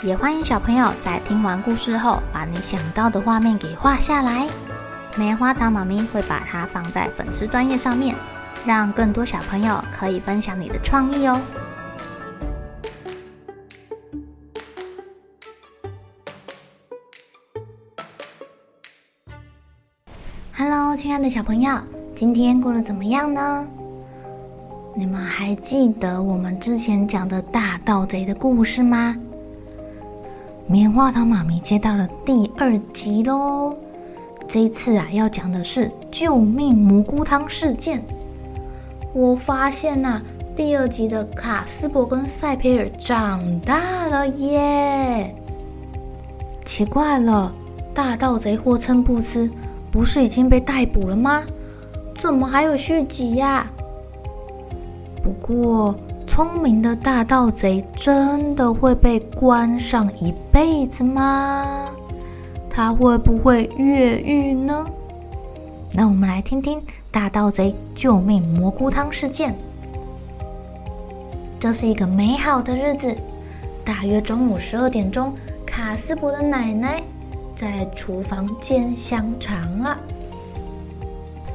也歡迎小朋友在聽完故事後，把你想到的畫面給畫下來。棉花糖媽咪會把它放在粉絲專頁上面，讓更多小朋友可以分享你的創意哦。Hello，親愛的小朋友，今天過得怎麼樣呢？你們還記得我們之前講的大盜賊的故事嗎？棉花糖媽咪接到了第二集嘍，這一次啊，要講的是救命蘑菇湯事件。我發現吶、啊，第二集的卡斯柏跟賽培爾長大了耶。奇怪了，大盜賊霍琛布斯，不是已經被逮捕了嗎？怎麼還有續集呀、啊？不過。聰明的大盜賊真的會被關上一輩子嗎？他會不會越獄呢？那我們來聽聽大盜賊救命蘑菇湯事件。這是一個美好的日子，大約中午十二點鐘，卡斯伯的奶奶在廚房煎香腸了。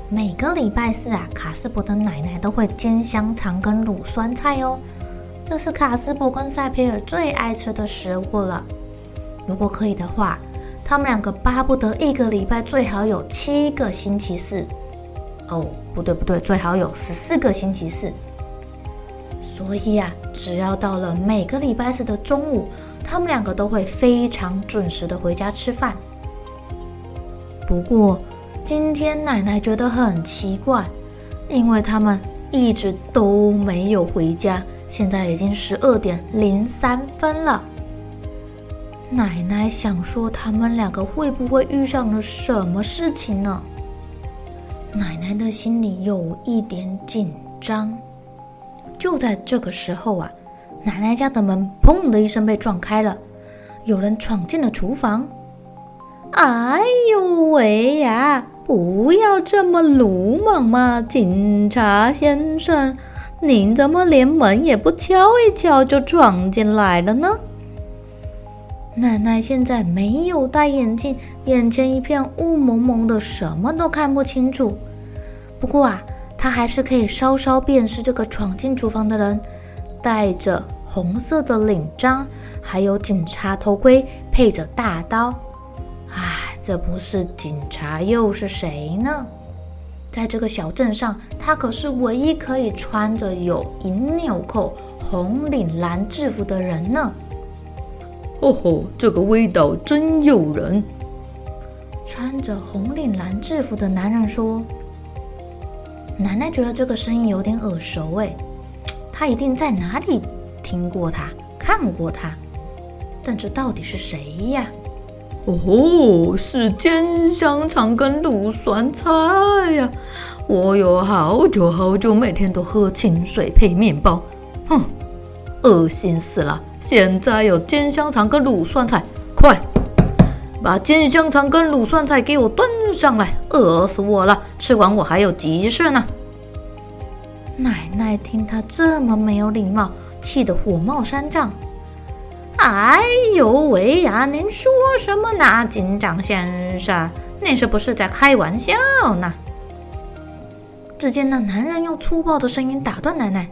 每個禮拜四啊，卡斯柏的奶奶都會煎香腸跟滷酸菜哦，這是卡斯柏跟賽培爾最愛吃的食物了。如果可以的話，他們兩個巴不得一個禮拜最好有七個星期四。哦，不對不對，最好有十四個星期四。所以啊，只要到了每個禮拜四的中午，他們兩個都會非常準時的回家吃飯。不過，今天奶奶覺得很奇怪，因為他們一直都沒有回家，現在已經十二點零三分了。奶奶想說，他們兩個會不會遇上了什麼事情呢？奶奶的心裡有一點緊張。就在這個時候啊，奶奶家的門砰的一聲被撞開了，有人闖進了廚房。哎呦喂呀！不要這麼魯莽嘛，警察先生！您怎麼連門也不敲一敲就闖進來了呢？奶奶現在沒有戴眼鏡，眼前一片霧蒙蒙的，什麼都看不清楚。不過啊，她還是可以稍稍辨識這個闖進廚房的人，戴着紅色的領章，還有警察頭盔，配着大刀。這不是警察又是誰呢？在這個小鎮上，他可是唯一可以穿着有銀紐扣、紅領藍制服的人呢。哦吼，這個味道真誘人！穿着紅領藍制服的男人說：“奶奶覺得這個聲音有點耳熟誒，哎，他一定在哪裡聽過他、看過他，但這到底是誰呀？”哦，是煎香腸跟滷酸菜呀，啊！我有好久好久每天都喝清水配麵包，哼，惡心死了！現在有煎香腸跟滷酸菜，快把煎香腸跟滷酸菜給我端上來，餓死我了！吃完我還有急事呢。奶奶聽他這麼沒有禮貌，氣得火冒三丈。哎呦喂呀！您說什麼呢，警長先生？你是不是在開玩笑呢？只見那男人用粗暴的聲音打斷奶奶：“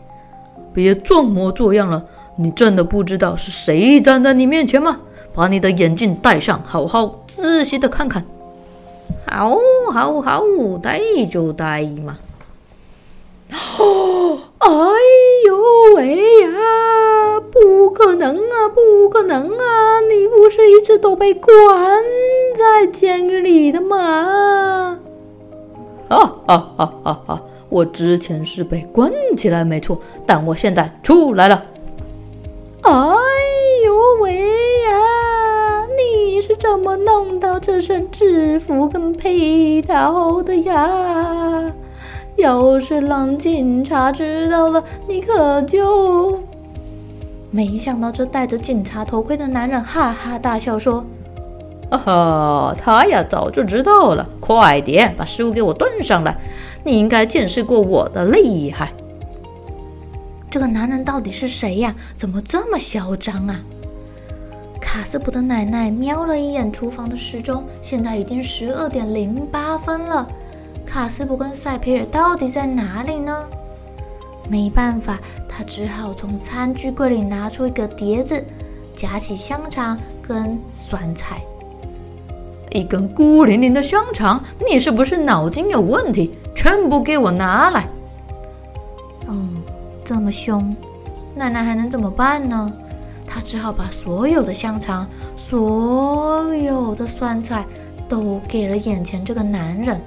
別裝模作樣了，你真的不知道是誰站在你面前嗎？把你的眼鏡戴上，好好仔細的看看。好”“好好好，戴就戴嘛。”哦，哎呦喂呀！可能啊，不可能啊！你不是一直都被關在監獄裡的嗎？啊啊啊啊啊！我之前是被關起來沒錯，但我現在出來了。哎呦喂呀、啊！你是怎麼弄到這身制服跟佩刀的呀？要是讓警察知道了，你可就……沒想到，這戴着警察頭盔的男人哈哈大笑說：“啊、哦、哈，他呀，早就知道了。快點把食物給我端上來！你應該見識過我的厲害。”這個男人到底是誰呀？怎麼這麼囂張啊？卡斯柏的奶奶瞄了一眼廚房的時鐘，現在已經十二點零八分了。卡斯柏跟賽培爾到底在哪裡呢？沒辦法，他只好從餐具櫃裡拿出一個碟子，夾起香腸跟酸菜。一根孤零零的香腸，你是不是腦筋有問題？全部給我拿來！嗯，這麼凶，奶奶還能怎麼辦呢？他只好把所有的香腸、所有的酸菜都給了眼前這個男人。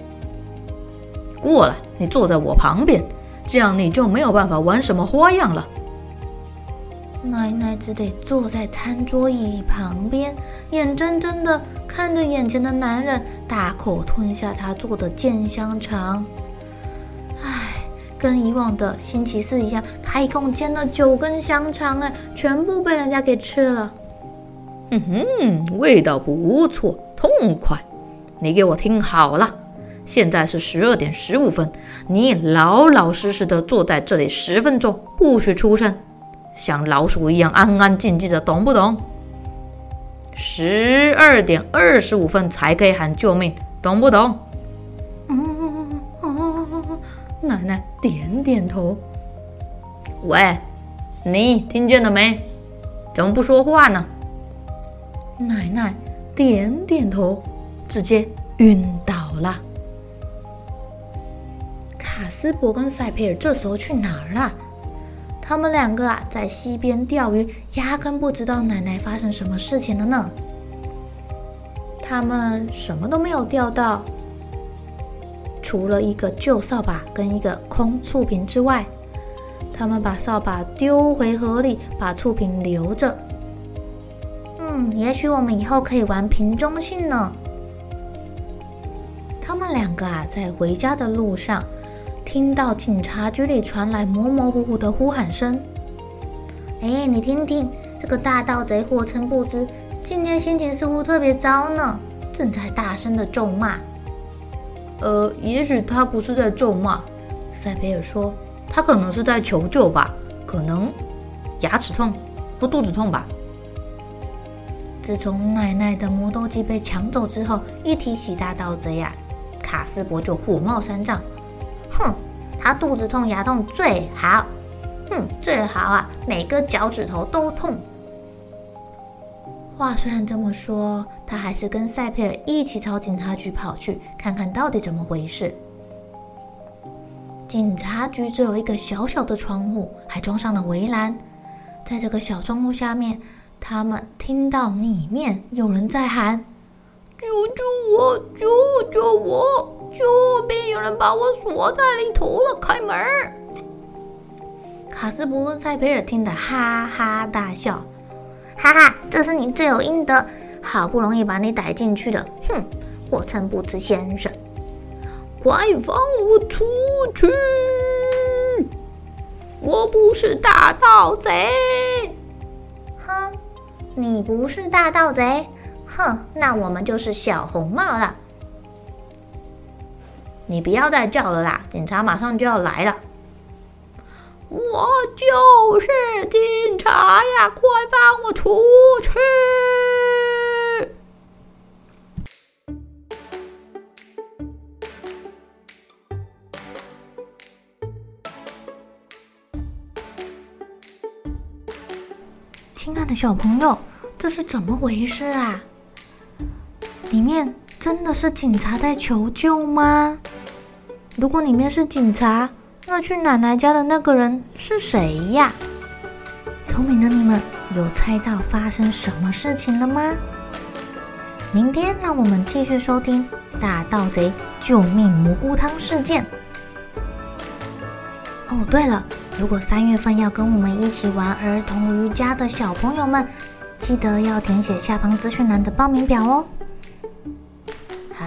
過來，你坐在我旁邊。這樣你就沒有辦法玩什麼花樣了。奶奶只得坐在餐桌椅旁邊，眼睜睜的看着眼前的男人大口吞下她做的煎香腸。唉，跟以往的星期四一樣，她一共煎了九根香腸，哎，全部被人家給吃了。嗯哼，味道不錯，痛快。你給我聽好了。現在是十二點十五分，你老老實實的坐在這裡十分鐘，不許出聲，像老鼠一樣安安靜靜的，懂不懂？十二點二十五分才可以喊救命，懂不懂？嗯，嗯，奶奶點點頭。喂，你聽見了沒？怎麼不說話呢？奶奶點點頭，直接暈倒了。卡斯柏跟賽培爾這時候去哪兒了啊？他們兩個啊，在溪邊釣魚，壓根不知道奶奶发生什麼事情了呢。他們什麼都沒有釣到，除了一個舊掃把跟一個空醋瓶之外。他們把掃把丟回河裡，把醋瓶留着。嗯，也許我們以後可以玩瓶中信呢。他們兩個啊，在回家的路上。聽到警察局裡傳來模模糊糊的呼喊聲，哎，你聽聽，這個大盜賊禍稱不知，今天心情似乎特別糟呢，正在大聲的咒罵。呃，也許他不是在咒罵，賽培爾說，他可能是在求救吧，可能牙齒痛或肚子痛吧。自從奶奶的磨豆機被搶走之後，一提起大盜賊呀、啊，卡斯柏就火冒三丈。他肚子痛，牙痛最好，哼，嗯，最好啊，每個腳趾頭都痛。話雖然這麼說，他還是跟賽培爾一起朝警察局跑去，看看到底怎麼回事。警察局只有一個小小的窗戶，還裝上了圍欄。在這個小窗戶下面，他們聽到裡面有人在喊：“救救我！救救我！救！”把我鎖在裡頭了，開門！卡斯柏和賽培爾聽得哈哈大笑。哈哈，這是你罪有應得，好不容易把你逮進去的，哼，我才不吃。先生，快放我出去！我不是大盜賊，哼。你不是大盜賊，哼，那我們就是小紅帽了。你不要再叫了啦！警察馬上就要來了。我就是警察呀，快放我出去！親愛的小朋友，這是怎麼回事啊？裡面。真的是警察在求救嗎？如果裡面是警察，那去奶奶家的那個人是誰呀？聰明的你們有猜到發生什麼事情了嗎？明天讓我們繼續收聽《大盜賊救命蘑菇湯事件》。哦，對了，如果三月份要跟我們一起玩兒童瑜伽的小朋友們，記得要填寫下方資訊欄的報名表哦。